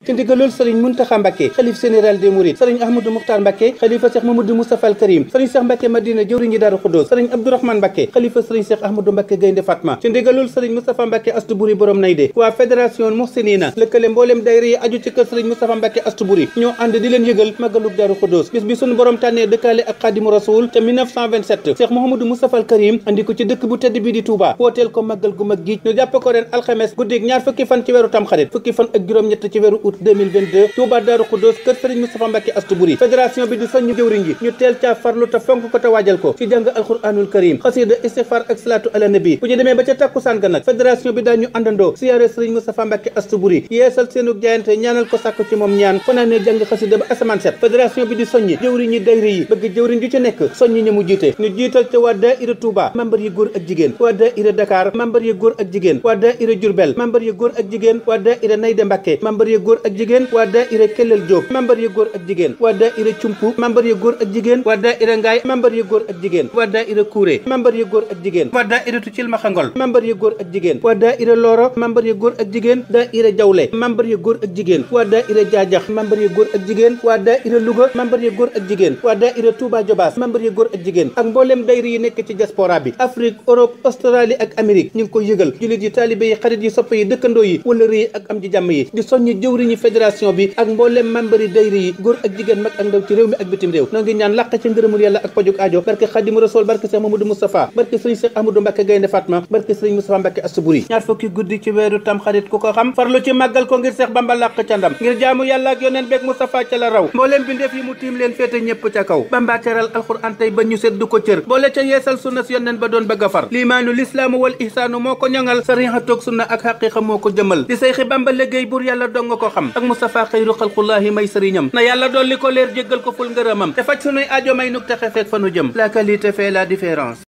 ci ndigalul sëriñ Muntaxa Mbàkke xalifa Cheikh Mamadou Moustapha al sëriñ Cheikh Mbàkke Madina jëwriñ ji Daaru Xuddoos sëriñ Abdourahmane Mbàkke xalifa sëriñ Cheikh Ahmadou Mbàkke Gaynde Fatma ci ndigalul sëriñ Moustapha Mbàkke Astu Buri Nayde waa fédération Muxsinina lëkkale mbooleem daayira yi aju ci kër sëriñ Moustapha Mbàkke Astu ñoo ànd di leen yëgal màggalug Daaru Xuddoos bis bi sunu borom tànnee dëkkaale ak Xaadimu Rasuul ci dëkk bu août Daaru Xuddoos kër Serigne Moustapha Mbacke Astou Boury bi di soññu jëwriñ yi ñu teel caa farlu te fonk ko te waajal ko ci jàng alxuraanul karim xasida istighfar ak salaatu ala bu ñu demee ba ca tàkkusaan ga nag fédération bi daañu àndandoo siyaare Serigne Moustapha Mbacke Astou yeesal seenu jaayante ñaanal ko sàkku ci moom ñaan fanaanee jàng xasida ba asamaan set fédération bi di soññi jëwriñ yi dayri yi bëgg jëwriñ ju ci nekk soññi ñu ak jigéen waa daayira Kellel Diop membar yu góor ak jigéen waa daayira Cumpu membar yu góor ak jigéen waa daayira Ngaay membar yu góor ak jigéen waa daayira Kuuré membar yu góor ak jigéen waa daayira Tucil Maxangol membar yu góor ak jigéen waa daayira Loro membar yu góor ak jigéen daayira Jawle membar yu góor ak jigéen waa daayira Jaajax membar yu góor ak jigéen waa daayira Louga membar yu góor ak jigéen waa daayira Touba Jobaas membar yu góor ak jigéen ak mbooleem daayira yi nekk ci diaspora bi Afrique Europe Australie ak Amérique ñu ngi ko yëgal jullit yi taalibe yi xarit yi sopp yi dëkkandoo yi wala rëy ak am ji jàmm yi di soññi jëwriñ ñi fédération bi ak mboolem membre yi deyri gor ak jigen mak ak ndaw ci réew mi ak bitim rew nangi ñaan laq ci ngeerumul yalla ak pajuk aajo barke khadim rasul barke sey mamadou mustafa barke sëriñ cheikh amadou mbacke gayne fatma barke sëriñ mustafa mbacke asbouri ñaar fukki guddi ci weeru tam xarit ku ko xam farlu ci magal ko ngir cheikh bamba laq ci ndam ngir jaamu yalla ak yonen bek mustafa ci la raw mboolem bi ndef yi mu tim leen féete ñepp ca kaw bamba teral alquran tay ba ñu seddu ko cër boole ca yeesal sunna yonen ba doon bëgg far limaanu lislaamu wal ihsaanu moo ñangal sarixatoog sunna ak haqiqa moko jëmal di sey xibamba bamba bur yalla dong ko xam xam ak Moustapha xayru xalqullaahi may sëriñam na yàlla ko leer jéggal ko ful ngërëmam te faj sunuy aajo nuk texe feek fa la qualité fait la différence